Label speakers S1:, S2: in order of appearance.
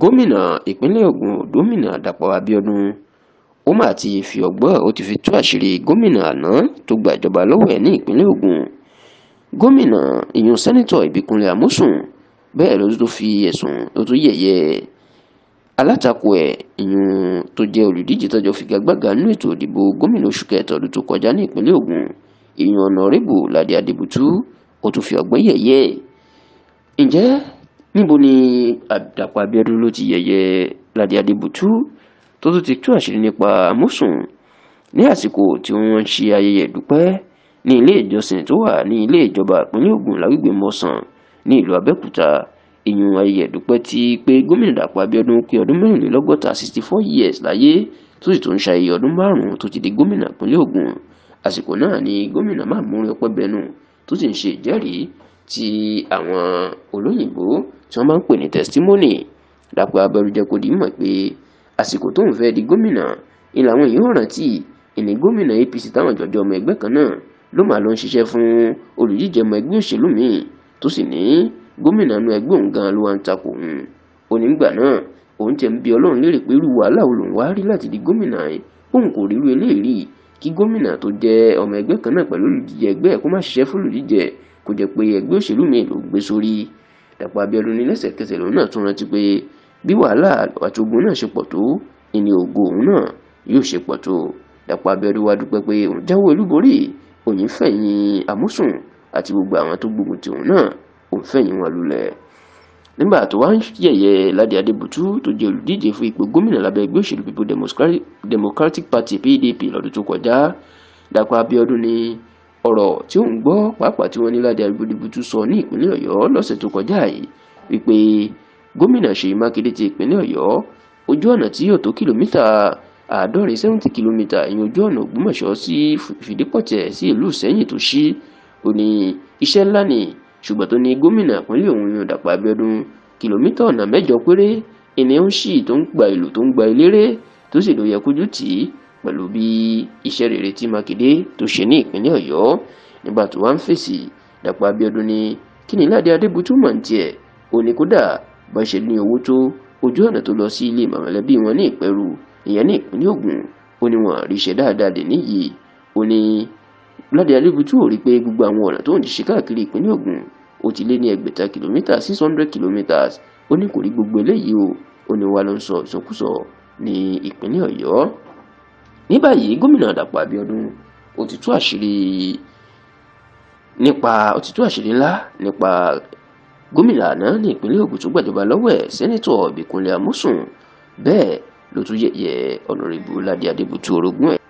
S1: gómìnà ìpínlẹ̀ Ògùn Gómìnà Dàpọ̀ Abíọ́dún ó mà ti fi ọgbọ́n ó ti fi tú àṣírí gómìnà àná tó gba ìjọba lọ́wọ́ ẹ̀ ní ìpínlẹ̀ Ògùn gómìnà ìyún sẹ́nitọ̀ Ìbíkúnlẹ̀ Amósùn bẹ́ẹ̀ ló tún fi ẹ̀sùn ló tún yẹ̀yẹ́ alátakò ẹ̀ ìyún tó jẹ́ olùdíje tọ́jọ́ figagbága nínú ètò ìdìbò gómìnà oṣù kẹta ọdún tó kọjá ní ìpínlẹ̀ Ògùn ìyún ọ̀nà rẹ́bù Ládé Adébútú ó tún fi ọgbọ́n yẹ̀yẹ́ ǹjẹ́ níbo ni àdàpọ̀ abíọ́dún ló ti yẹ̀yẹ́ ládé adébùtú tó tún ti tú àṣírí nípa àmúsùn ní àsìkò tí wọ́n ń ṣe ayẹyẹ ìdúpẹ́ ní ilé ìjọsìn tó wà ní ilé ìjọba ìpínlẹ̀ Ògùn lágbègbè mọ̀sán ní ìlú abẹ́òkúta ìyún ayẹyẹ ìdúpẹ́ ti pé gómìnà dàpọ̀ abíọ́dún pé ọdún mẹ́rìnlélọ́gọ́ta sixty four years láyé tó sì tún ń ṣayẹyẹ ọdún márùn-ún tó ti di gómìnà ìpínlẹ̀ Ògùn àsìkò náà ni gómìnà máàmúrin ọpẹ́bẹnu tó sì ń ṣe ìjẹ́rìí tí àwọn olóyìnbó tí wọ́n máa ń pè ní testimony lápò abẹ́rùjẹ́ kò dì í mọ̀ pé àsìkò tóun fẹ́ di gómìnà ni làwọn èèyàn rántí ìní gómìnà APC táwọn jọjọ ọmọ ẹgbẹ́ kan náà ló mà lọ ń ṣiṣẹ́ fún olùdíje ọmọ ẹgbẹ́ òṣèlú míì tó sì ní gómìnà inú ẹgbẹ́ òun gan ló wá ń takò òun onígbà náà òun tẹ̀ ń bi ọlọ́run lérè pé irú wàhálà wo lòun wá rí láti di gómìnà ẹ̀ òun kò rí irú eléyìí kí gómìnà tó jẹ́ ọmọ ẹgbẹ́ kan náà pẹ̀lú olùdíje ẹgbẹ́ kó má ṣiṣẹ́ fún olùdíje kó jẹ́ pé ẹgbẹ́ òṣèlú mi ló gbé sórí Dàpọ̀ Abíọ́dún ní lẹ́sẹ̀kẹsẹ̀ lòun náà tún rántí pé bí wàhálà àti ogun náà ṣe pọ̀ tó ìní ògo òun náà yóò ṣe pọ̀ tó Dàpọ̀ Abíọ́dún wá dúpẹ́ pé òun jáwé olúborí òun fẹ̀yìn amúsùn àti gbogbo àwọn tó gbógun ti òun náà òun fẹ̀yìn wọn lulẹ̀ nígbà tó wá ń yẹ̀yẹ́ Ládì Adébùtú tó jẹ́ olùdíje fún ipò gómìnà lábẹ́ ẹgbẹ́ òṣèlú People Democratic Party PDP lọ́dún tó kọjá Dàpọ̀ Abíọ́dún ni ọ̀rọ̀ tí ó ń gbọ́ pàápàá tí wọ́n ní Ládé Aríbúdúbútú sọ ní ìpínlẹ̀ Ọ̀yọ́ lọ́sẹ̀ tó kọjá yìí wípé gómìnà Ṣèyí Mákindé ti ìpínlẹ̀ Ọ̀yọ́ ojú ọ̀nà tí yóò tó kìlómítà àádọ́rin seventy kìlómítà ìyẹn ojú ọ̀nà Ògbómọ̀ṣọ́ sí Fìdípọ̀tẹ̀ sí ìlú Ìṣẹ́yìn tó ṣí ó ní iṣẹ́ ńlá ni ṣùgbọ́n tó ní gómìnà ìpínlẹ̀ ọ̀hún yan Dàpọ̀ Abíọ́dún kìlómítà ọ̀nà mẹ́jọ péré ìní ń ṣì tó ń gba ìlú tó ń gba eléré tó sì ló yẹ tì í pẹ̀lú bí iṣẹ́ rere tí Mákindé tó ṣe ní ìpínlẹ̀ Ọ̀yọ́ nígbà tó wá ń fèsì Dàpọ̀ Abíọ́dún ni kí ni Ládi Adébútú mọ̀ ní tiẹ̀ ò ní kódà bá ṣe ní owó tó ojú ọ̀nà tó lọ sí ilé mọ̀mọ́lẹ́bí wọn ní Ìpẹ́rù ìyẹn ní ìpínlẹ̀ Ògùn ó ní wọn àríṣe dáadáa dè níyì ó ní Ládi Adébútú ò rí pé gbogbo àwọn ọ̀nà tó ń ṣe káàkiri ìpínlẹ̀ Ògùn ó ti lé ní ẹgbẹ̀ta kìlómítà six hundred kilometres ó ní kò rí gbogbo eléyìí o ó ní wa ló ń sọ ìsọkúsọ ní ìpínlẹ̀ Ọ̀yọ́ ní báyìí gómìnà Dàpọ̀ Abíọ́dún ó ti tú àṣírí nípa ó ti tú àṣírí ńlá nípa gómìnà àná ní ìpínlẹ̀ Ògùn tó gbàjọba lọ́wọ́ ẹ̀ sẹ́nitọ̀ Bíkúnlé Amósùn bẹ́ẹ̀ ló tún yẹ̀yẹ́ ọ̀nàrẹ́bù Ládì orogún ẹ̀